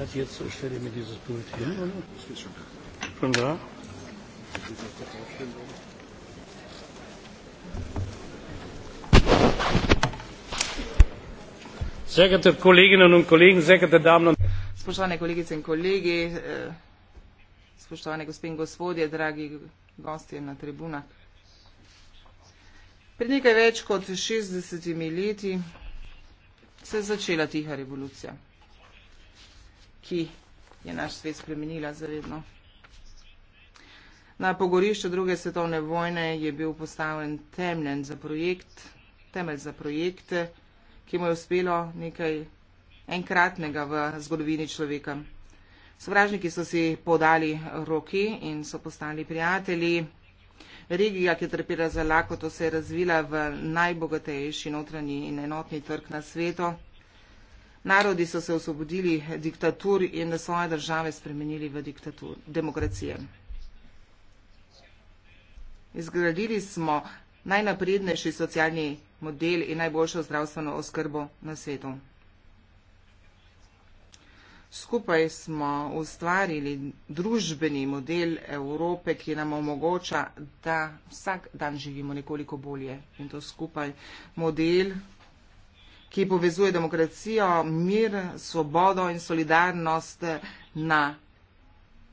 hat jetzt zur Stelle mit dieses Pult hier, oder? Das geht schon da. Sehr geehrte Kolleginnen und Kollegen, sehr geehrte Damen und Herren. Spoštovane kolegice in kolegi, eh, spoštovane gospe in gospodje, dragi gosti na tribunah. Pred nekaj več kot 60 leti se je začela tiha revolucija ki je naš svet spremenila zavedno. Na pogorišču druge svetovne vojne je bil postavljen temelj za, projekt, temelj za projekte, ki mu je uspelo nekaj enkratnega v zgodovini človeka. Sovražniki so si podali roki in so postali prijatelji. Regija, ki je trpela za lakoto, se je razvila v najbogatejši notranji in enotni trg na svetu. Narodi so se osvobodili diktatur in svoje države spremenili v diktatur, demokracije. Izgradili smo najnaprednejši socialni model in najboljšo zdravstveno oskrbo na svetu. Skupaj smo ustvarili družbeni model Evrope, ki nam omogoča, da vsak dan živimo nekoliko bolje. In to skupaj model ki povezuje demokracijo, mir, svobodo in solidarnost na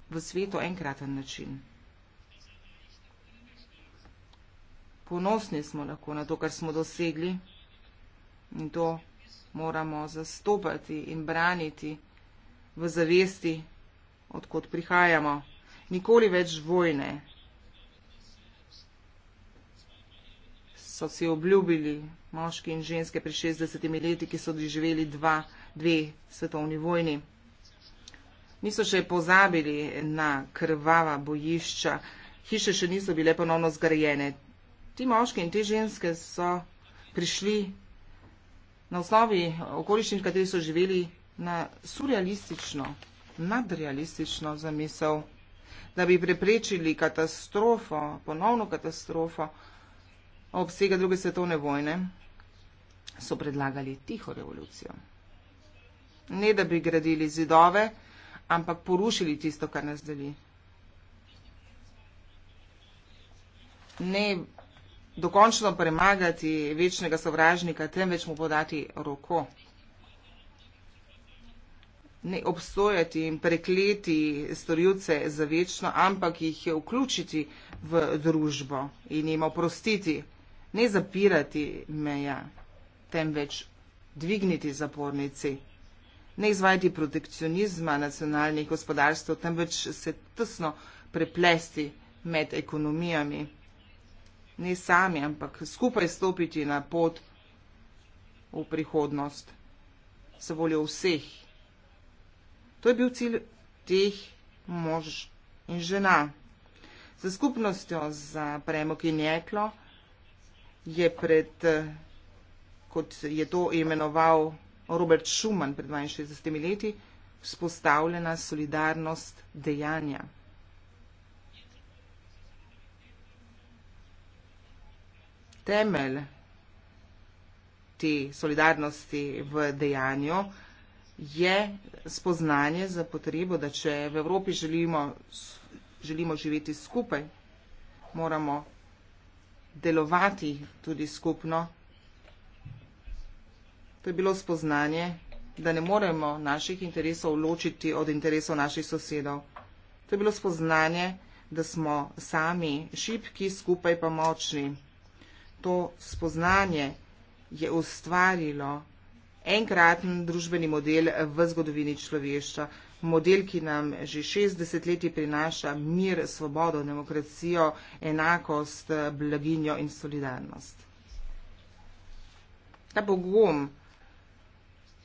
v svetu enkraten način. Ponosni smo lahko na to, kar smo dosegli in to moramo zastopati in braniti v zavesti, odkot prihajamo. Nikoli več vojne, so si obljubili moški in ženske pri 60 leti, ki so doživeli dve svetovni vojni. Niso še pozabili na krvava bojišča, hiše še niso bile ponovno zgrajene. Ti moški in te ženske so prišli na osnovi okoliščin, v kateri so živeli, na surrealistično, nadrealistično zamisel, da bi preprečili katastrofo, ponovno katastrofo, obsega druge svetovne vojne, so predlagali tiho revolucijo. Ne, da bi gradili zidove, ampak porušili tisto, kar nas deli. Ne dokončno premagati večnega sovražnika, temveč mu podati roko. Ne obsojati in prekleti storilce za večno, ampak jih je vključiti v družbo in jim oprostiti ne zapirati meja, temveč dvigniti zapornici, ne izvajati protekcionizma nacionalnih gospodarstv, temveč se tesno preplesti med ekonomijami, ne sami, ampak skupaj stopiti na pot v prihodnost, se voljo vseh. To je bil cilj teh mož in žena. Za skupnostjo, za premog in jeklo, je pred, eh, kot je to imenoval Robert Schuman pred 62 leti, vzpostavljena solidarnost dejanja. Temelj te solidarnosti v dejanju je spoznanje za potrebo, da če v Evropi želimo, želimo živeti skupaj, moramo delovati tudi skupno. To je bilo spoznanje, da ne moremo naših interesov ločiti od interesov naših sosedov. To je bilo spoznanje, da smo sami šipki, skupaj pa močni. To spoznanje je ustvarilo enkraten družbeni model v zgodovini človeštva model, ki nam že 60 leti prinaša mir, svobodo, demokracijo, enakost, blaginjo in solidarnost. Ta pogum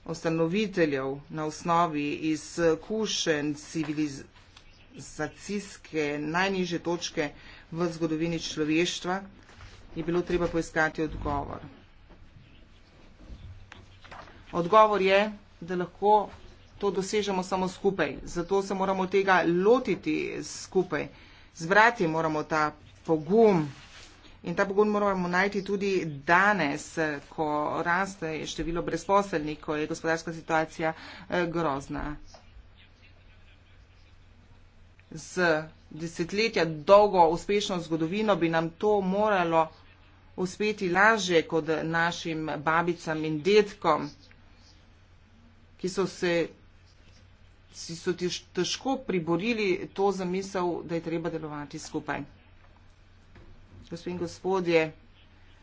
ustanoviteljev na osnovi iz kušen civilizacijske najniže točke v zgodovini človeštva je bilo treba poiskati odgovor. Odgovor je, da lahko to dosežemo samo skupaj. Zato se moramo tega lotiti skupaj. Zbrati moramo ta pogum. In ta pogum moramo najti tudi danes, ko raste število brezposelnih, ko je gospodarska situacija eh, grozna. Z desetletja dolgo uspešno zgodovino bi nam to moralo uspeti lažje kot našim babicam in detkom, ki so se si so ti težko priborili to zamisel, da je treba delovati skupaj. Gospod in gospodje,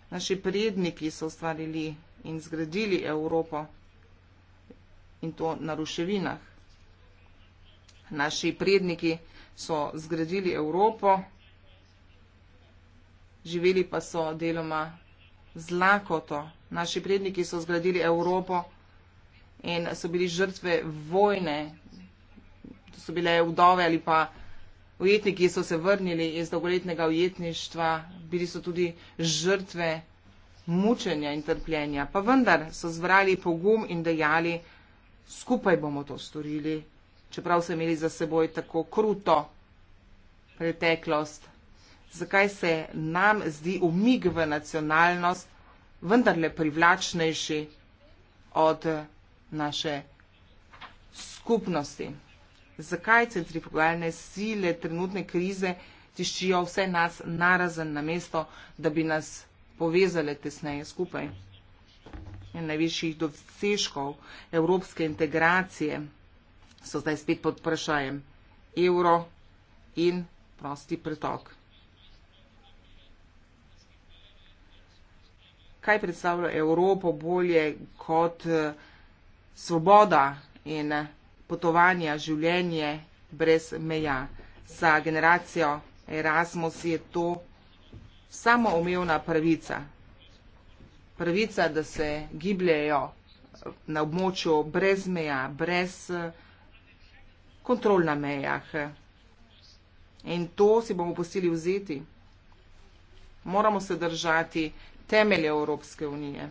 naši predniki so ustvarili in zgradili Evropo in to na ruševinah. Naši predniki so zgradili Evropo, živeli pa so deloma z lakoto. Naši predniki so zgradili Evropo, in so bili žrtve vojne. To so bile vdove ali pa ujetniki, ki so se vrnili iz dolgoletnega ujetništva. Bili so tudi žrtve mučenja in trpljenja. Pa vendar so zvrali pogum in dejali, skupaj bomo to storili, čeprav so imeli za seboj tako kruto preteklost. Zakaj se nam zdi umig v nacionalnost vendarle privlačnejši od naše skupnosti. Zakaj centrifugalne sile trenutne krize tiščijo vse nas narazen na mesto, da bi nas povezale tesneje skupaj? In najvišjih dosežkov evropske integracije so zdaj spet pod vprašajem. Evro in prosti pretok. Kaj predstavlja Evropo bolje kot uh, svoboda in potovanja, življenje brez meja. Za generacijo Erasmus je to samoumevna pravica. Pravica, da se gibljajo na območju brez meja, brez kontrol na mejah. In to si bomo posili vzeti. Moramo se držati temelje Evropske unije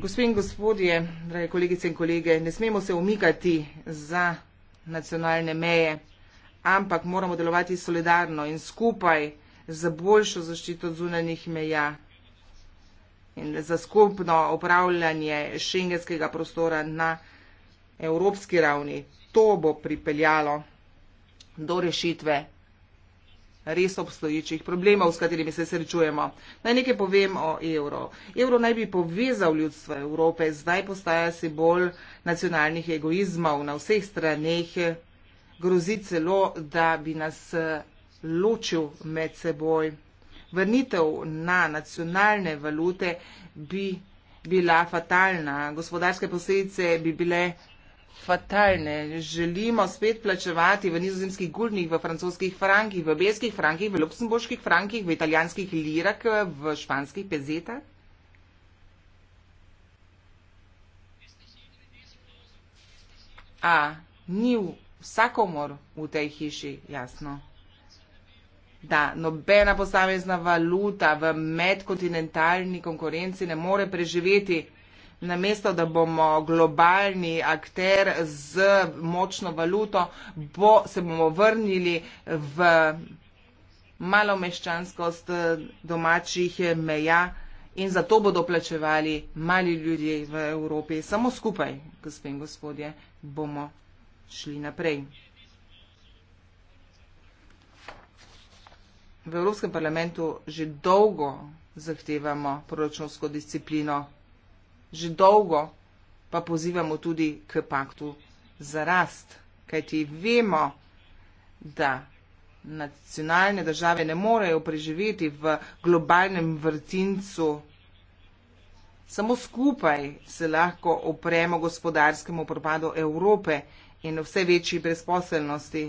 gospe in gospodje drage kolegice in kolege ne smemo se umikati za nacionalne meje ampak moramo delovati solidarno in skupaj za boljšo zaščito zunanjih meja in za skupno upravljanje šengenskega prostora na evropski ravni to bo pripeljalo do rešitve res obstoječih problemov, s katerimi se srečujemo. Naj nekaj povem o evro. Evro naj bi povezal ljudstvo Evrope, zdaj postaja simbol nacionalnih egoizmov na vseh straneh. Grozi celo, da bi nas eh, ločil med seboj. Vrnitev na nacionalne valute bi bila fatalna, gospodarske posledice bi bile fatalne. Želimo spet plačevati v nizozemskih guldnih, v francoskih frankih, v belskih frankih, v luksemburških frankih, v italijanskih lirah, v španskih pezetah? A, ni vsakomor v tej hiši, jasno. Da, nobena posamezna valuta v medkontinentalni konkurenci ne more preživeti namesto da bomo globalni akter z močno valuto, bo, se bomo vrnili v malomeščanskost domačih meja in zato bodo plačevali mali ljudje v Evropi. Samo skupaj, gospe in gospodje, bomo šli naprej. V Evropskem parlamentu že dolgo zahtevamo proračunsko disciplino že dolgo pa pozivamo tudi k paktu za rast, kajti vemo, da nacionalne države ne morejo preživeti v globalnem vrtincu. Samo skupaj se lahko opremo gospodarskemu propadu Evrope in vse večji brezposelnosti.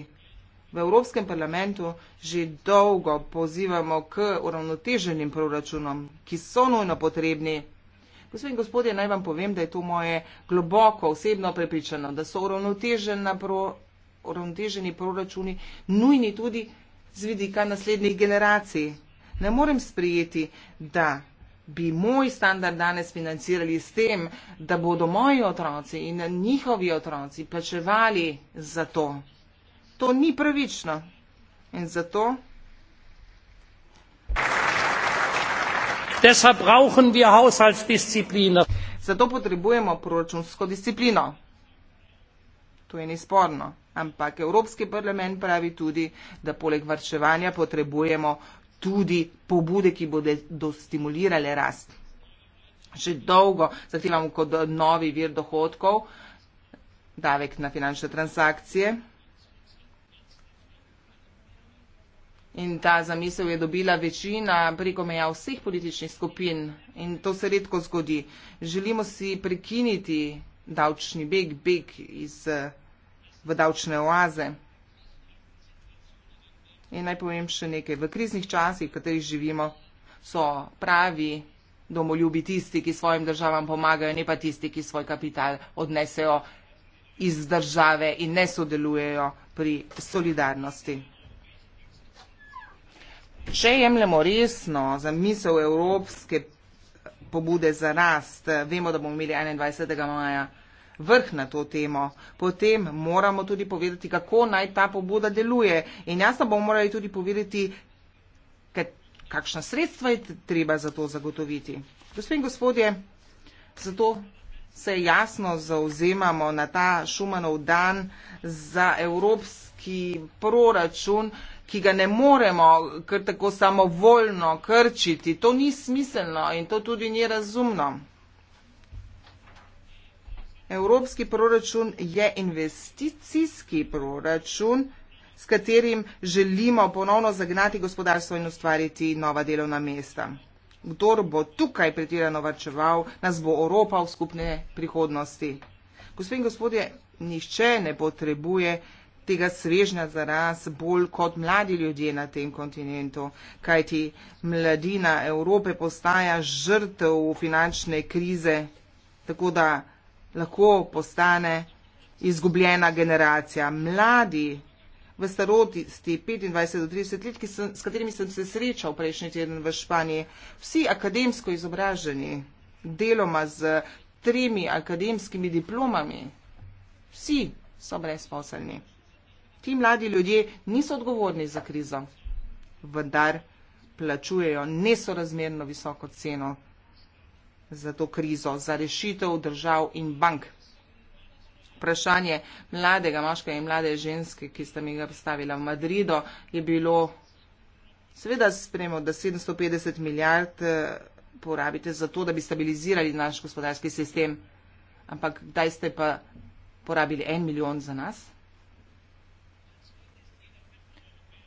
V Evropskem parlamentu že dolgo pozivamo k uravnoteženim proračunom, ki so nujno potrebni. Gospod in gospodje, naj vam povem, da je to moje globoko osebno prepričano, da so uravnoteženi proračuni nujni tudi z vidika naslednjih generacij. Ne morem sprijeti, da bi moj standard danes financirali s tem, da bodo moji otroci in njihovi otroci plačevali za to. To ni pravično. In zato deshalb brauchen wir haushaltsdisziplin. zato potrebujemo proračunsko disciplino. To je nesporno. Ampak Evropski parlament pravi tudi, da poleg varčevanja potrebujemo tudi pobude, ki bodo dostimulirale rast. Že dolgo zahtevamo kot novi vir dohodkov davek na finančne transakcije. In ta zamisel je dobila večina preko meja vseh političnih skupin in to se redko zgodi. Želimo si prekiniti davčni beg, beg iz, eh, v davčne oaze. In naj povem še nekaj. V kriznih časih, v katerih živimo, so pravi domoljubi tisti, ki svojim državam pomagajo, ne pa tisti, ki svoj kapital odnesejo iz države in ne sodelujejo pri solidarnosti če jemljemo resno za misel evropske pobude za rast, vemo, da bomo imeli 21. maja vrh na to temo, potem moramo tudi povedati, kako naj ta pobuda deluje. In jasno bomo morali tudi povedati, kakšna sredstva je treba za to zagotoviti. Gospod in gospodje, zato se jasno zauzemamo na ta šumanov dan za evropski proračun, ki ga ne moremo kar tako samovoljno krčiti. To ni smiselno in to tudi ni razumno. Evropski proračun je investicijski proračun, s katerim želimo ponovno zagnati gospodarstvo in ustvariti nova delovna mesta. Kdor bo tukaj pretirano varčeval, nas bo oropal v skupne prihodnosti. Gospod in gospodje, nišče ne potrebuje tega svežnja za ras bolj kot mladi ljudje na tem kontinentu, kajti mladina Evrope postaja žrtev finančne krize, tako da lahko postane izgubljena generacija. Mladi v starosti 25 do 30 let, sem, s katerimi sem se srečal prejšnji teden v Španiji, vsi akademsko izobraženi, deloma z tremi akademskimi diplomami, vsi so brezposelni ti mladi ljudje niso odgovorni za krizo, vendar plačujejo nesorazmerno visoko ceno za to krizo, za rešitev držav in bank. Vprašanje mladega moškega in mlade ženske, ki sta mi ga postavila v Madrido, je bilo, seveda spremo, da 750 milijard eh, porabite za to, da bi stabilizirali naš gospodarski sistem, ampak kdaj ste pa porabili en milijon za nas?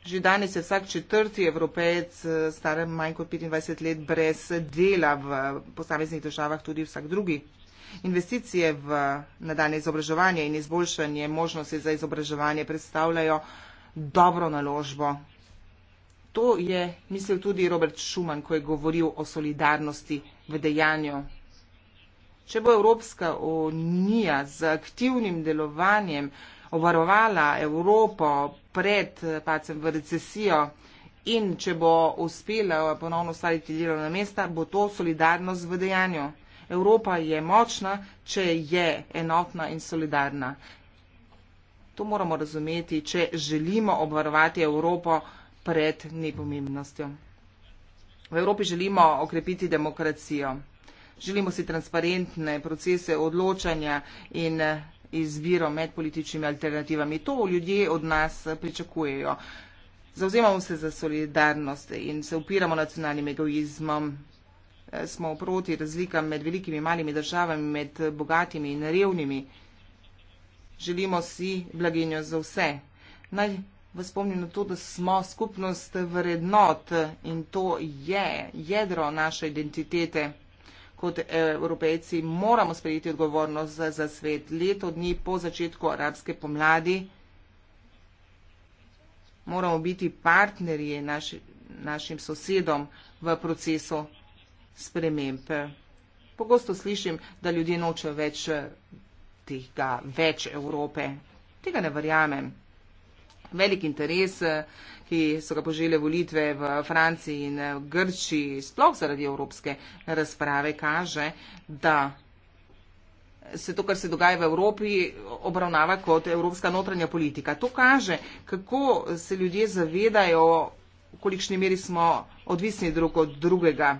Že danes je vsak četrti evropejec eh, star manj kot 25 let brez dela v posameznih državah, tudi vsak drugi. Investicije v nadaljne izobraževanje in izboljšanje možnosti za izobraževanje predstavljajo dobro naložbo. To je mislil tudi Robert Schuman, ko je govoril o solidarnosti v dejanju. Če bo Evropska unija z aktivnim delovanjem obvarovala Evropo pred eh, pacem v recesijo in če bo uspela ponovno ustvariti delovna mesta, bo to solidarnost v dejanju. Evropa je močna, če je enotna in solidarna. To moramo razumeti, če želimo obvarovati Evropo pred nepomembnostjo. V Evropi želimo okrepiti demokracijo. Želimo si transparentne procese odločanja in izbiro med političnimi alternativami. To ljudje od nas pričakujejo. Zauzemamo se za solidarnost in se upiramo nacionalnim egoizmom. Eh, smo proti razlikam med velikimi in malimi državami, med bogatimi in revnimi. Želimo si blaginjo za vse. Naj vas spomnim na to, da smo skupnost vrednot in to je jedro naše identitete kot eh, evropejci moramo sprejeti odgovornost za, za svet. Leto dni po začetku arabske pomladi moramo biti partnerji naš, našim sosedom v procesu sprememb. Pogosto slišim, da ljudje nočejo več eh, tega, več Evrope. Tega ne verjamem velik interes, eh, ki so ga požele volitve v Franciji in eh, Grčiji, sploh zaradi evropske razprave, kaže, da se to, kar se dogaja v Evropi, obravnava kot evropska notranja politika. To kaže, kako se ljudje zavedajo, v kolikšni meri smo odvisni drug od drugega,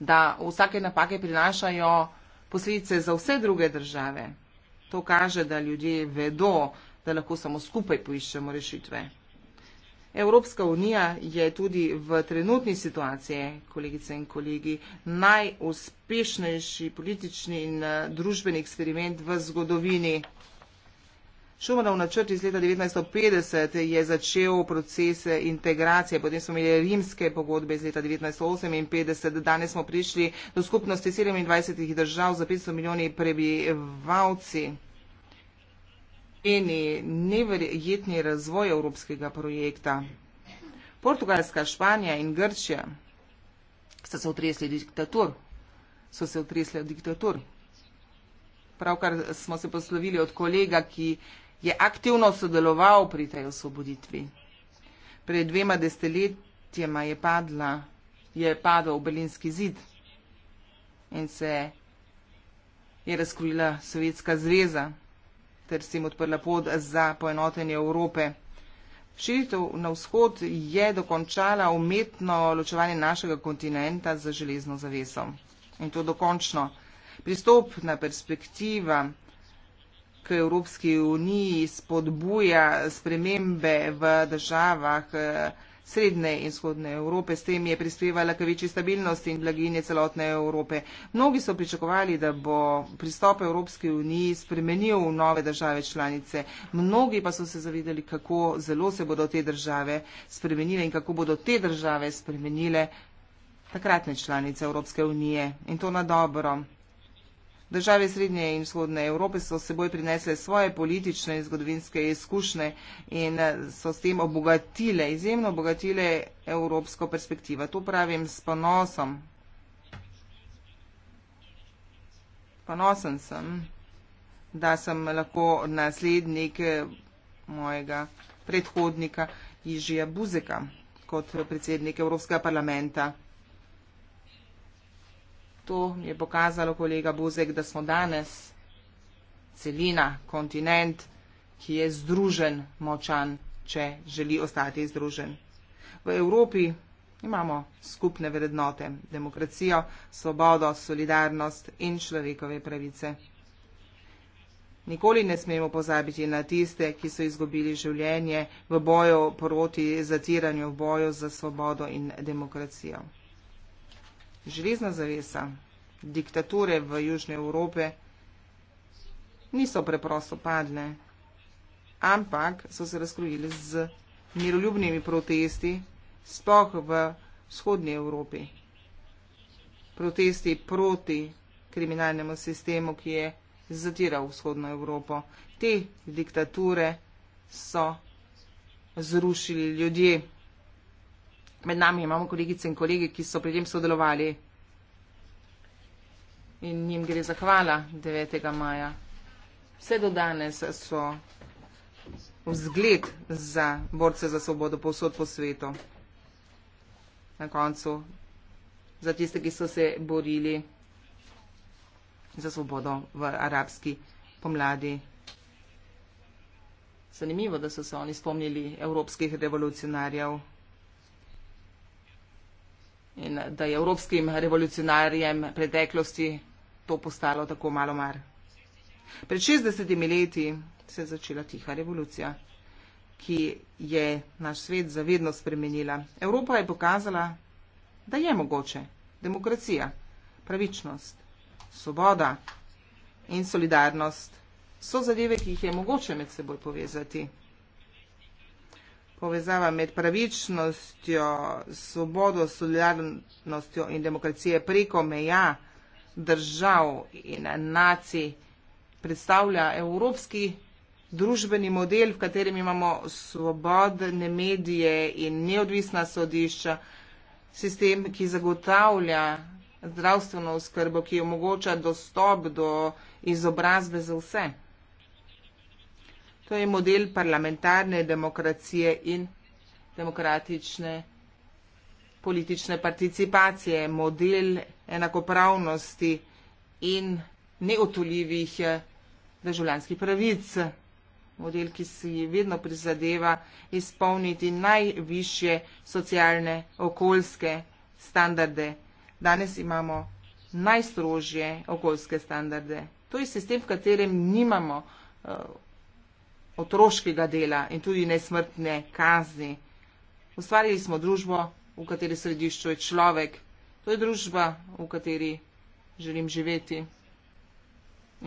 da vsake napake prinašajo posledice za vse druge države. To kaže, da ljudje vedo, da lahko samo skupaj poiščemo rešitve. Evropska unija je tudi v trenutni situaciji, kolegice in kolegi, najuspešnejši politični in eh, družbeni eksperiment v zgodovini. Šumanov načrt iz leta 1950 je začel procese eh, integracije, potem smo imeli rimske pogodbe iz leta 1958, danes smo prišli do skupnosti 27 držav za 500 milijoni prebivalci pomeni neverjetni razvoj evropskega projekta. Portugalska, Španija in Grčija so se otresli diktatur. So se otresli od diktatur. Pravkar smo se poslovili od kolega, ki je aktivno sodeloval pri tej osvoboditvi. Pred dvema desetletjema je, padla, je padel Berlinski zid in se je razkrila Sovjetska zveza ter s tem odprla pod za poenotenje Evrope. Širitev na vzhod je dokončala umetno ločevanje našega kontinenta z železno zaveso. In to dokončno. Pristopna perspektiva k Evropski uniji spodbuja spremembe v državah, eh, srednje in vzhodne Evrope. S tem je prispevala k večji stabilnosti in blaginje celotne Evrope. Mnogi so pričakovali, da bo pristop Evropske unije spremenil v nove države članice. Mnogi pa so se zavedali, kako zelo se bodo te države spremenile in kako bodo te države spremenile takratne članice Evropske unije. In to na dobro. Države Srednje in Vzhodne Evrope so seboj prinesle svoje politične in zgodovinske izkušnje in eh, so s tem obogatile, izjemno obogatile evropsko perspektivo. To pravim s ponosom. Ponosen sem, da sem lahko naslednik eh, mojega predhodnika Ižija Buzeka kot predsednik Evropskega parlamenta to mi je pokazalo kolega Buzek, da smo danes celina, kontinent, ki je združen, močan, če želi ostati združen. V Evropi imamo skupne vrednote, demokracijo, svobodo, solidarnost in človekove pravice. Nikoli ne smemo pozabiti na tiste, ki so izgubili življenje v boju proti zatiranju, v boju za svobodo in demokracijo. Železna zavesa, diktature v Južni Evropi niso preprosto padle, ampak so se razkrojile z miroljubnimi protesti, spoh v vzhodnji Evropi. Protesti proti kriminalnemu sistemu, ki je zatiral vzhodno Evropo. Te diktature so zrušili ljudje. Med nami imamo kolegice in kolege, ki so pri tem sodelovali in njim gre zahvala 9. maja. Vse do danes so vzgled za borce za svobodo povsod po svetu. Na koncu za tiste, ki so se borili za svobodo v arabski pomladi. Zanimivo, da so se oni spomnili evropskih revolucionarjev in da je evropskim revolucionarjem preteklosti to postalo tako malo mar. Pred 60 leti se je začela tiha revolucija, ki je naš svet zavedno spremenila. Evropa je pokazala, da je mogoče demokracija, pravičnost, svoboda in solidarnost. So zadeve, ki jih je mogoče med seboj povezati povezava med pravičnostjo, svobodo, solidarnostjo in demokracije preko meja držav in nacij predstavlja evropski družbeni model, v katerem imamo svobodne medije in neodvisna sodišča, sistem, ki zagotavlja zdravstveno oskrbo, ki omogoča dostop do izobrazbe za vse. To je model parlamentarne demokracije in demokratične politične participacije, model enakopravnosti in neotoljivih eh, državljanskih pravic, model, ki si vedno prizadeva izpolniti najvišje socialne, okoljske standarde. Danes imamo najstrožje okoljske standarde. To je sistem, v katerem nimamo uh, otroškega dela in tudi nesmrtne kazni. Ustvarili smo družbo, v kateri središču je človek. To je družba, v kateri želim živeti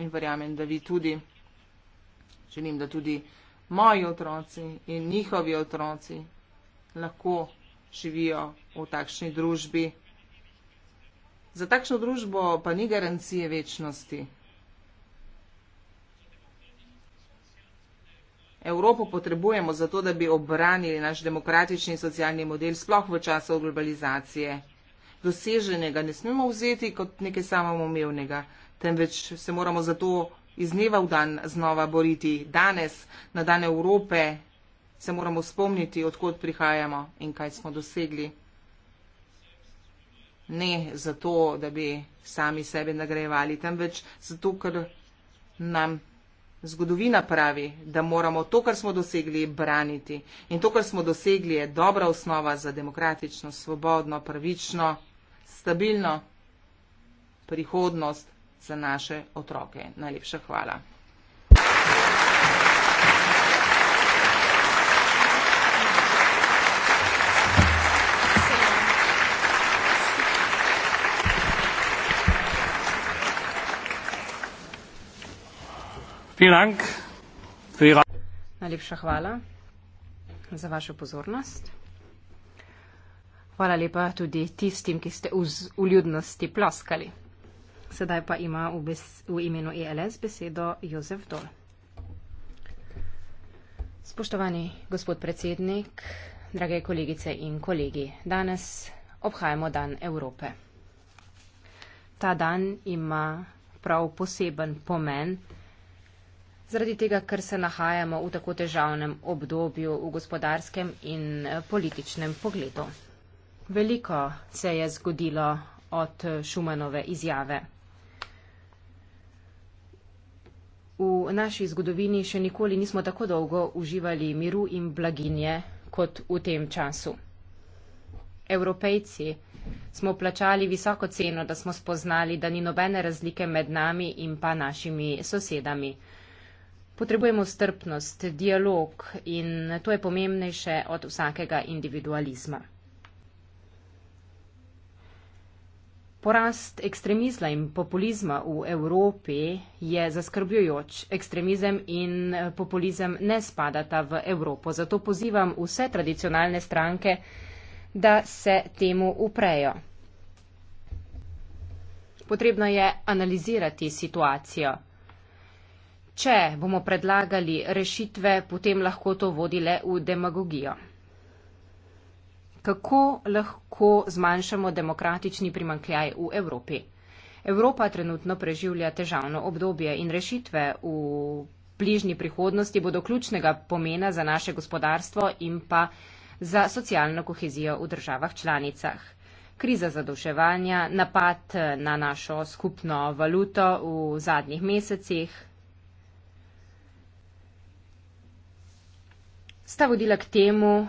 in verjamem, da vi tudi. Želim, da tudi moji otroci in njihovi otroci lahko živijo v takšni družbi. Za takšno družbo pa ni garancije večnosti. Evropo potrebujemo zato, da bi obranili naš demokratični in socialni model, sploh v času globalizacije. Doseženega ne smemo vzeti kot nekaj samoumevnega, temveč se moramo zato iz dneva v dan znova boriti. Danes, na dan Evrope, se moramo spomniti, odkot prihajamo in kaj smo dosegli. Ne zato, da bi sami sebe nagrajevali, temveč zato, ker nam Zgodovina pravi, da moramo to, kar smo dosegli, braniti. In to, kar smo dosegli, je dobra osnova za demokratično, svobodno, pravično, stabilno prihodnost za naše otroke. Najlepša hvala. Najlepša hvala za vašo pozornost. Hvala lepa tudi tistim, ki ste v ljudnosti ploskali. Sedaj pa ima v, bes, v imenu ELS besedo Jozef Dol. Spoštovani gospod predsednik, drage kolegice in kolegi, danes obhajamo Dan Evrope. Ta dan ima prav poseben pomen zaradi tega, ker se nahajamo v tako težavnem obdobju v gospodarskem in eh, političnem pogledu. Veliko se je zgodilo od Šumanove izjave. V naši zgodovini še nikoli nismo tako dolgo uživali miru in blaginje kot v tem času. Evropejci smo plačali visoko ceno, da smo spoznali, da ni nobene razlike med nami in pa našimi sosedami. Potrebujemo strpnost, dialog in to je pomembnejše od vsakega individualizma. Porast ekstremizma in populizma v Evropi je zaskrbljujoč. Ekstremizem in eh, populizem ne spadata v Evropo, zato pozivam vse tradicionalne stranke, da se temu uprejo. Potrebno je analizirati situacijo. Če bomo predlagali rešitve, potem lahko to vodi le v demagogijo. Kako lahko zmanjšamo demokratični primankljaj v Evropi? Evropa trenutno preživlja težavno obdobje in rešitve v bližnji prihodnosti bodo ključnega pomena za naše gospodarstvo in pa za socialno kohezijo v državah članicah. Kriza zadolževanja, napad na našo skupno valuto v zadnjih mesecih, sta vodila k temu,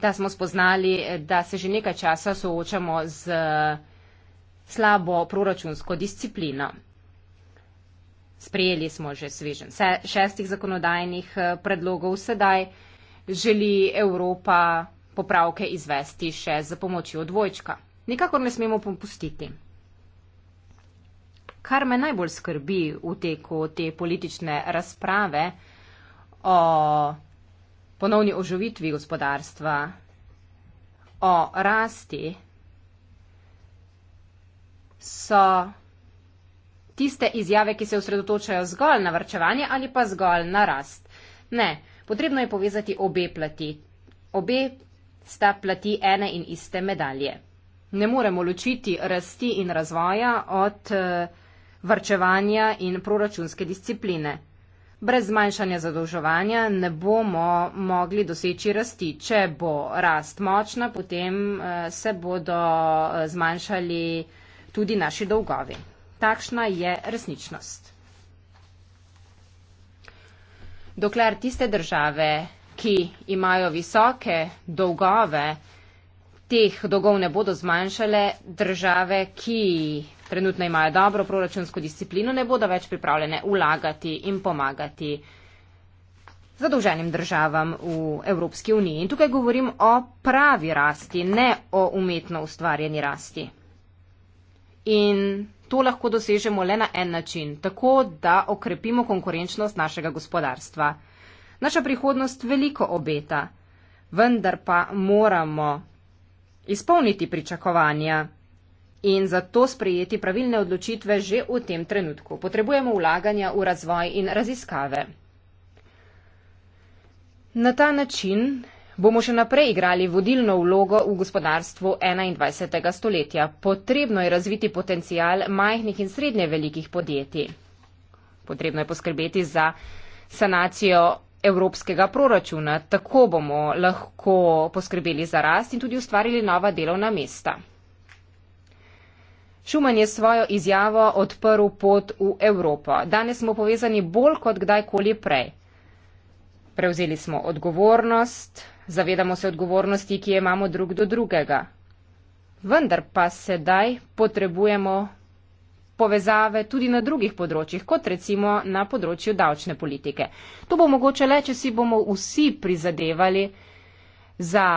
da smo spoznali, da se že nekaj časa soočamo z slabo proračunsko disciplino. Sprejeli smo že svežen šestih zakonodajnih eh, predlogov, sedaj želi Evropa popravke izvesti še z pomočjo dvojčka. Nikakor ne smemo popustiti. Kar me najbolj skrbi v teku te politične razprave o ponovni oživitvi gospodarstva, o rasti, so tiste izjave, ki se osredotočajo zgolj na vrčevanje ali pa zgolj na rast. Ne, potrebno je povezati obe plati. Obe sta plati ene in iste medalje. Ne moremo ločiti rasti in razvoja od eh, vrčevanja in proračunske discipline. Brez zmanjšanja zadolževanja ne bomo mogli doseči rasti. Če bo rast močna, potem eh, se bodo eh, zmanjšali tudi naši dolgovi. Takšna je resničnost. Dokler tiste države, ki imajo visoke dolgove, teh dolgov ne bodo zmanjšale, države, ki trenutno imajo dobro proračunsko disciplino, ne bodo več pripravljene ulagati in pomagati zadolženim državam v Evropski uniji. In tukaj govorim o pravi rasti, ne o umetno ustvarjeni rasti. In to lahko dosežemo le na en način, tako da okrepimo konkurenčnost našega gospodarstva. Naša prihodnost veliko obeta, vendar pa moramo izpolniti pričakovanja in zato sprejeti pravilne odločitve že v tem trenutku. Potrebujemo vlaganja v razvoj in raziskave. Na ta način bomo še naprej igrali vodilno vlogo v gospodarstvu 21. stoletja. Potrebno je razviti potencial majhnih in srednje velikih podjetij. Potrebno je poskrbeti za sanacijo evropskega proračuna. Tako bomo lahko poskrbeli za rast in tudi ustvarili nova delovna mesta. Šuman je svojo izjavo odprl pot v Evropo. Danes smo povezani bolj kot kdajkoli prej. Prevzeli smo odgovornost, zavedamo se odgovornosti, ki jo imamo drug do drugega. Vendar pa sedaj potrebujemo povezave tudi na drugih področjih, kot recimo na področju davčne politike. To bo mogoče le, če si bomo vsi prizadevali za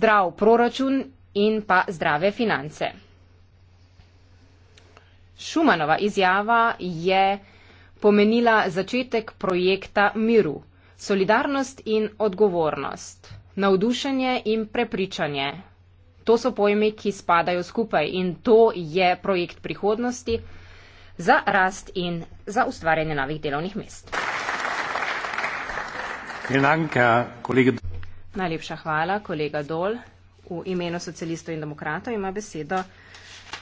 zdrav proračun in pa zdrave finance. Šumanova izjava je pomenila začetek projekta miru, solidarnost in odgovornost, navdušenje in prepričanje. To so pojmi, ki spadajo skupaj in to je projekt prihodnosti za rast in za ustvarjanje novih delovnih mest. Najlepša hvala, kolega Dol. V imenu socialistov in demokratov ima besedo.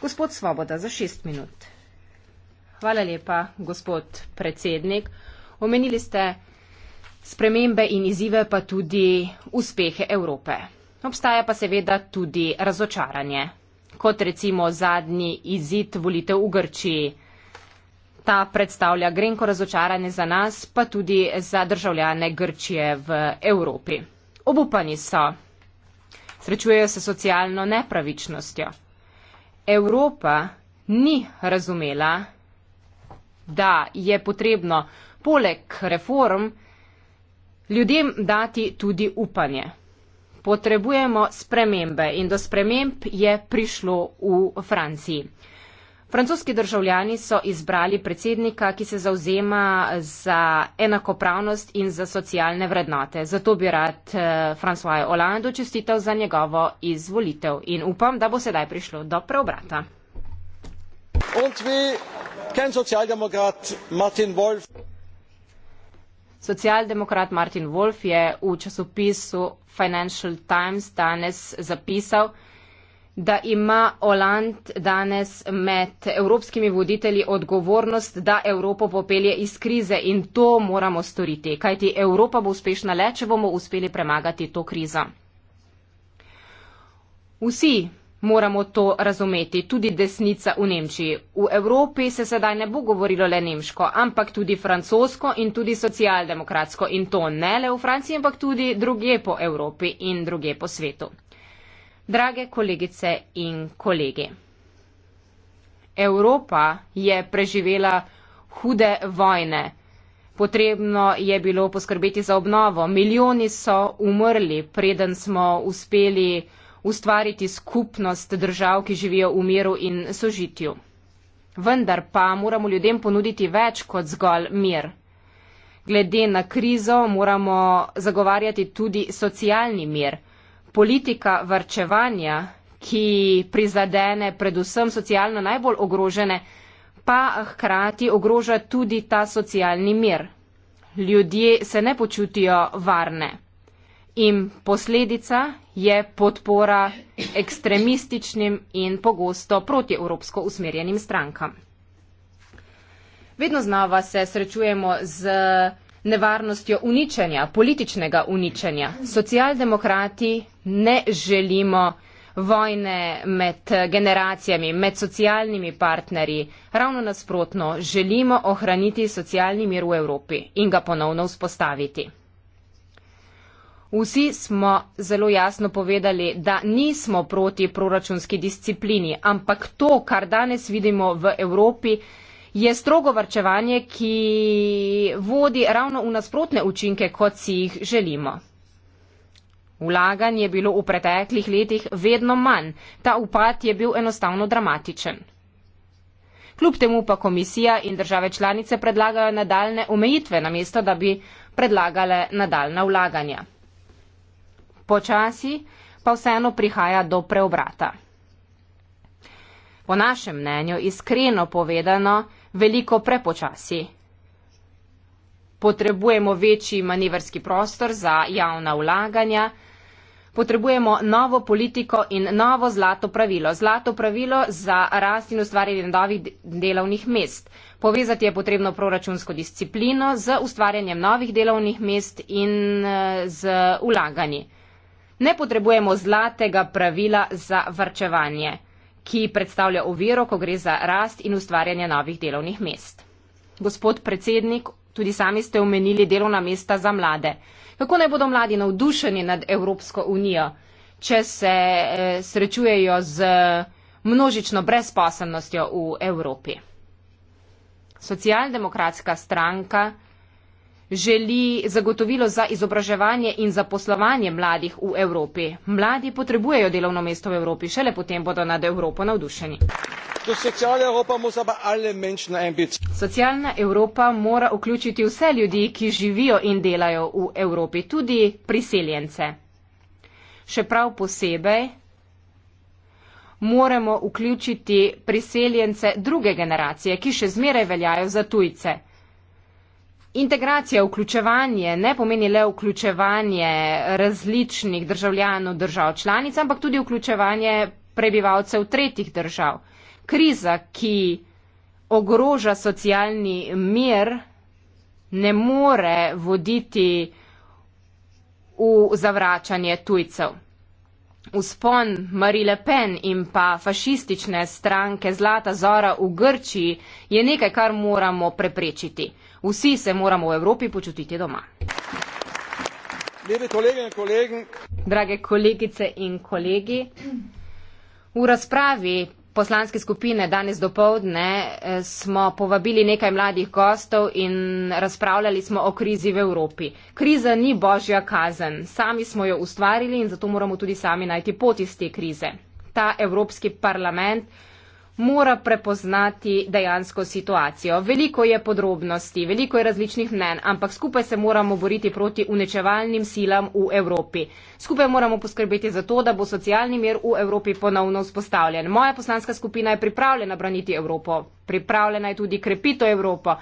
Gospod Svoboda, za šest minut. Hvala lepa, gospod predsednik. Omenili ste spremembe in izive, pa tudi uspehe Evrope. Obstaja pa seveda tudi razočaranje, kot recimo zadnji izid volitev v Grčiji. Ta predstavlja grenko razočaranje za nas, pa tudi za državljane Grčije v Evropi. Obupani so. Srečujejo se socialno nepravičnostjo. Evropa ni razumela, da je potrebno poleg reform ljudem dati tudi upanje. Potrebujemo spremembe in do sprememb je prišlo v Franciji. Francoski državljani so izbrali predsednika, ki se zauzema za enakopravnost in za socialne vrednote. Zato bi rad eh, Francoju Hollandu čestitev za njegovo izvolitev in upam, da bo sedaj prišlo do preobrata. Socialdemokrat Martin Wolf je v časopisu Financial Times danes zapisal, da ima Oland danes med evropskimi voditelji odgovornost, da Evropo popelje iz krize in to moramo storiti, kajti Evropa bo uspešna le, če bomo uspeli premagati to krizo. Vsi moramo to razumeti, tudi desnica v Nemčiji. V Evropi se sedaj ne bo govorilo le nemško, ampak tudi francosko in tudi socialdemokratsko in to ne le v Franciji, ampak tudi druge po Evropi in druge po svetu. Drage kolegice in kolegi, Evropa je preživela hude vojne. Potrebno je bilo poskrbeti za obnovo. Milijoni so umrli, preden smo uspeli ustvariti skupnost držav, ki živijo v miru in sožitju. Vendar pa moramo ljudem ponuditi več kot zgolj mir. Glede na krizo moramo zagovarjati tudi socialni mir – politika varčevanja, ki prizadene predvsem socialno najbolj ogrožene, pa hkrati ogroža tudi ta socialni mir. Ljudje se ne počutijo varne in posledica je podpora ekstremističnim in pogosto protievropsko usmerjenim strankam. Vedno znova se srečujemo z nevarnostjo uničenja, političnega uničenja. Socialdemokrati ne želimo vojne med generacijami, med socialnimi partnerji. Ravno nasprotno, želimo ohraniti socialni mir v Evropi in ga ponovno vzpostaviti. Vsi smo zelo jasno povedali, da nismo proti proračunski disciplini, ampak to, kar danes vidimo v Evropi, je strogo varčevanje, ki vodi ravno v nasprotne učinke, kot si jih želimo. Vlaganje je bilo v preteklih letih vedno manj, ta upad je bil enostavno dramatičen. Kljub temu pa komisija in države članice predlagajo nadaljne omejitve, namesto da bi predlagale nadaljna vlaganja. Počasi pa vseeno prihaja do preobrata. Po našem mnenju, iskreno povedano, veliko prepočasi. Potrebujemo večji manevrski prostor za javna vlaganja, potrebujemo novo politiko in novo zlato pravilo. Zlato pravilo za rast in ustvarjanje novih delovnih mest. Povezati je potrebno proračunsko disciplino z ustvarjanjem novih delovnih mest in z vlaganji. Ne potrebujemo zlatega pravila za vrčevanje ki predstavlja oviro, ko gre za rast in ustvarjanje novih delovnih mest. Gospod predsednik, tudi sami ste omenili delovna mesta za mlade. Kako naj bodo mladi navdušeni nad Evropsko unijo, če se eh, srečujejo z množično brezposobnostjo v Evropi? Socialdemokratska stranka želi zagotovilo za izobraževanje in zaposlovanje mladih v Evropi. Mladi potrebujejo delovno mesto v Evropi, šele potem bodo nad Evropo navdušeni. Socialna Evropa mora vključiti vse ljudi, ki živijo in delajo v Evropi, tudi priseljence. Še prav posebej moramo vključiti priseljence druge generacije, ki še zmeraj veljajo za tujce. Integracija, vključevanje ne pomeni le vključevanje različnih državljanov držav članic, ampak tudi vključevanje prebivalcev tretjih držav. Kriza, ki ogroža socialni mir, ne more voditi v zavračanje tujcev. Vzpon Marie Le Pen in pa fašistične stranke Zlata Zora v Grčiji je nekaj, kar moramo preprečiti. Vsi se moramo v Evropi počutiti doma. Drage kolegice in kolegi, v razpravi poslanske skupine danes dopoldne eh, smo povabili nekaj mladih gostov in razpravljali smo o krizi v Evropi. Kriza ni božja kazen, sami smo jo ustvarili in zato moramo tudi sami najti pot iz te krize. Ta Evropski parlament mora prepoznati dejansko situacijo. Veliko je podrobnosti, veliko je različnih mnen, ampak skupaj se moramo boriti proti unečevalnim silam v Evropi. Skupaj moramo poskrbeti za to, da bo socialni mir v Evropi ponovno vzpostavljen. Moja poslanska skupina je pripravljena braniti Evropo, pripravljena je tudi krepito Evropo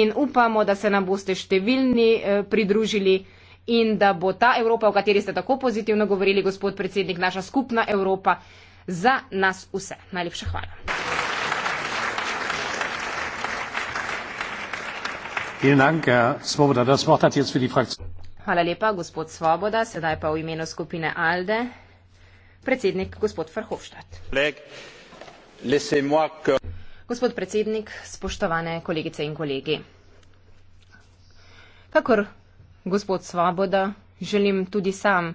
in upamo, da se nam boste številni eh, pridružili. In da bo ta Evropa, o kateri ste tako pozitivno govorili, gospod predsednik, naša skupna Evropa, za nas vse. Najlepša hvala. Hvala lepa, gospod Svoboda. Sedaj pa v imenu skupine ALDE, predsednik gospod Farhofštad. Gospod predsednik, spoštovane kolegice in kolegi. Kakor gospod Svoboda, želim tudi sam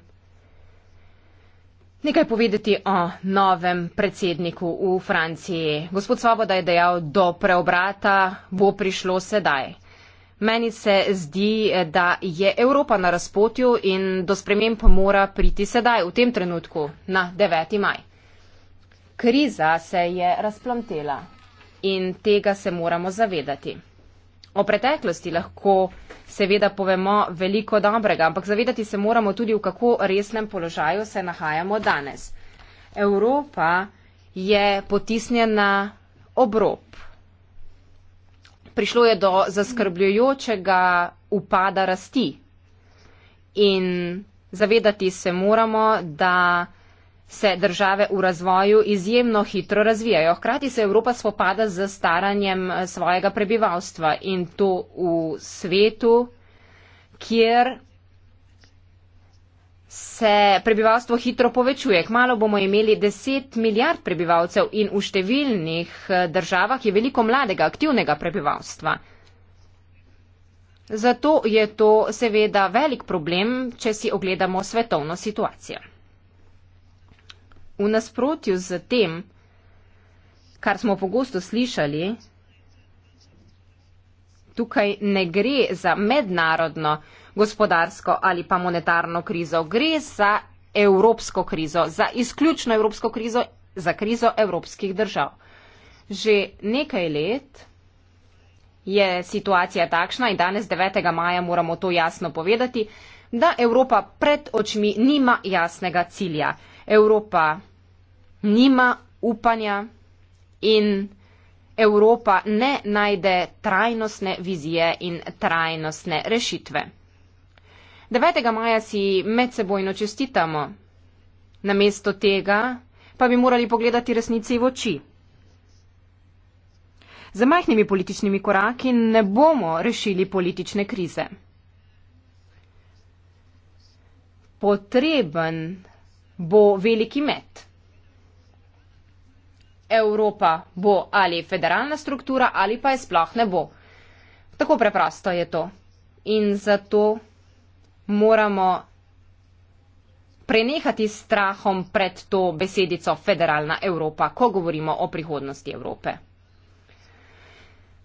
Nekaj povedati o novem predsedniku v Franciji. Gospod Svoboda je dejal, do preobrata bo prišlo sedaj. Meni se zdi, da je Evropa na razpotju in do sprememb mora priti sedaj, v tem trenutku, na 9. maj. Kriza se je razplamtela in tega se moramo zavedati o preteklosti lahko seveda povemo veliko dobrega, ampak zavedati se moramo tudi, v kako resnem položaju se nahajamo danes. Evropa je potisnjena obrob. Prišlo je do zaskrbljujočega upada rasti in zavedati se moramo, da se države v razvoju izjemno hitro razvijajo. Hkrati se Evropa spopada z staranjem eh, svojega prebivalstva in to v svetu, kjer se prebivalstvo hitro povečuje. Kmalo bomo imeli 10 milijard prebivalcev in v številnih eh, državah je veliko mladega, aktivnega prebivalstva. Zato je to seveda velik problem, če si ogledamo svetovno situacijo v nasprotju z tem, kar smo pogosto slišali, tukaj ne gre za mednarodno gospodarsko ali pa monetarno krizo, gre za evropsko krizo, za izključno evropsko krizo, za krizo evropskih držav. Že nekaj let je situacija takšna in danes 9. maja moramo to jasno povedati, da Evropa pred očmi nima jasnega cilja. Evropa nima upanja in Evropa ne najde trajnostne vizije in trajnostne rešitve. 9. maja si medsebojno čestitamo. Namesto tega pa bi morali pogledati resnici v oči. Z majhnimi političnimi koraki ne bomo rešili politične krize. Potreben bo veliki met. Evropa bo ali federalna struktura ali pa je sploh ne bo. Tako preprosto je to. In zato moramo prenehati s strahom pred to besedico federalna Evropa, ko govorimo o prihodnosti Evrope.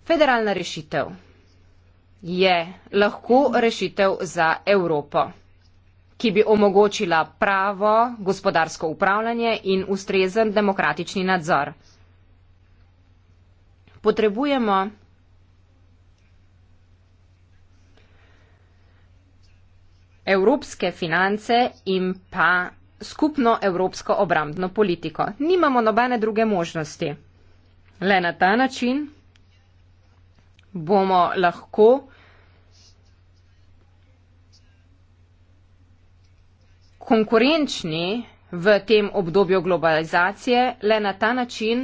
Federalna rešitev je lahko rešitev za Evropo ki bi omogočila pravo gospodarsko upravljanje in ustrezen demokratični nadzor. Potrebujemo evropske finance in pa skupno evropsko obrambno politiko. Nimamo nobene druge možnosti. Le na ta način bomo lahko konkurenčni v tem obdobju globalizacije, le na ta način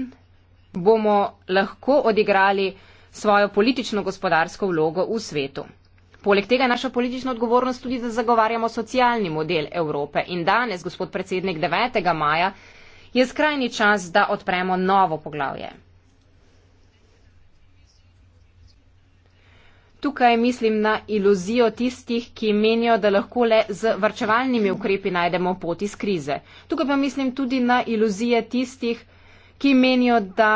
bomo lahko odigrali svojo politično-gospodarsko vlogo v svetu. Poleg tega je naša politična odgovornost tudi, da zagovarjamo socialni model Evrope. In danes, gospod predsednik, 9. maja, je skrajni čas, da odpremo novo poglavje. Tukaj mislim na iluzijo tistih, ki menijo, da lahko le z varčevalnimi ukrepi najdemo pot iz krize. Tukaj pa mislim tudi na iluzije tistih, ki menijo, da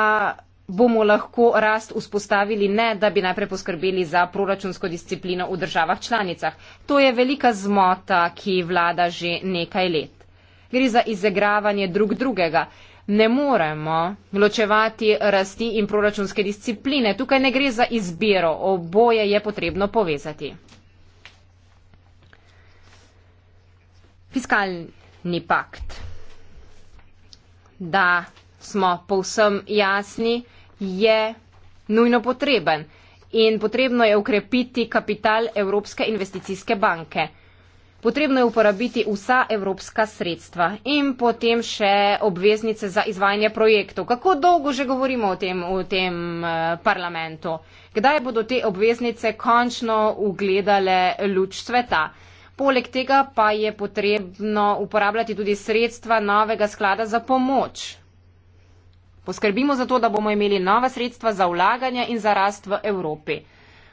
bomo lahko rast vzpostavili ne, da bi najprej poskrbeli za proračunsko disciplino v državah članicah. To je velika zmota, ki vlada že nekaj let. Gre za izigravanje drug drugega ne moremo ločevati rasti in proračunske discipline. Tukaj ne gre za izbiro, oboje je potrebno povezati. Fiskalni pakt. Da smo povsem jasni, je nujno potreben in potrebno je ukrepiti kapital Evropske investicijske banke potrebno je uporabiti vsa evropska sredstva in potem še obveznice za izvajanje projektov. Kako dolgo že govorimo o tem v tem eh, parlamentu? Kdaj bodo te obveznice končno ugledale luč sveta? Poleg tega pa je potrebno uporabljati tudi sredstva novega sklada za pomoč. Poskrbimo za to, da bomo imeli nova sredstva za vlaganje in za rast v Evropi.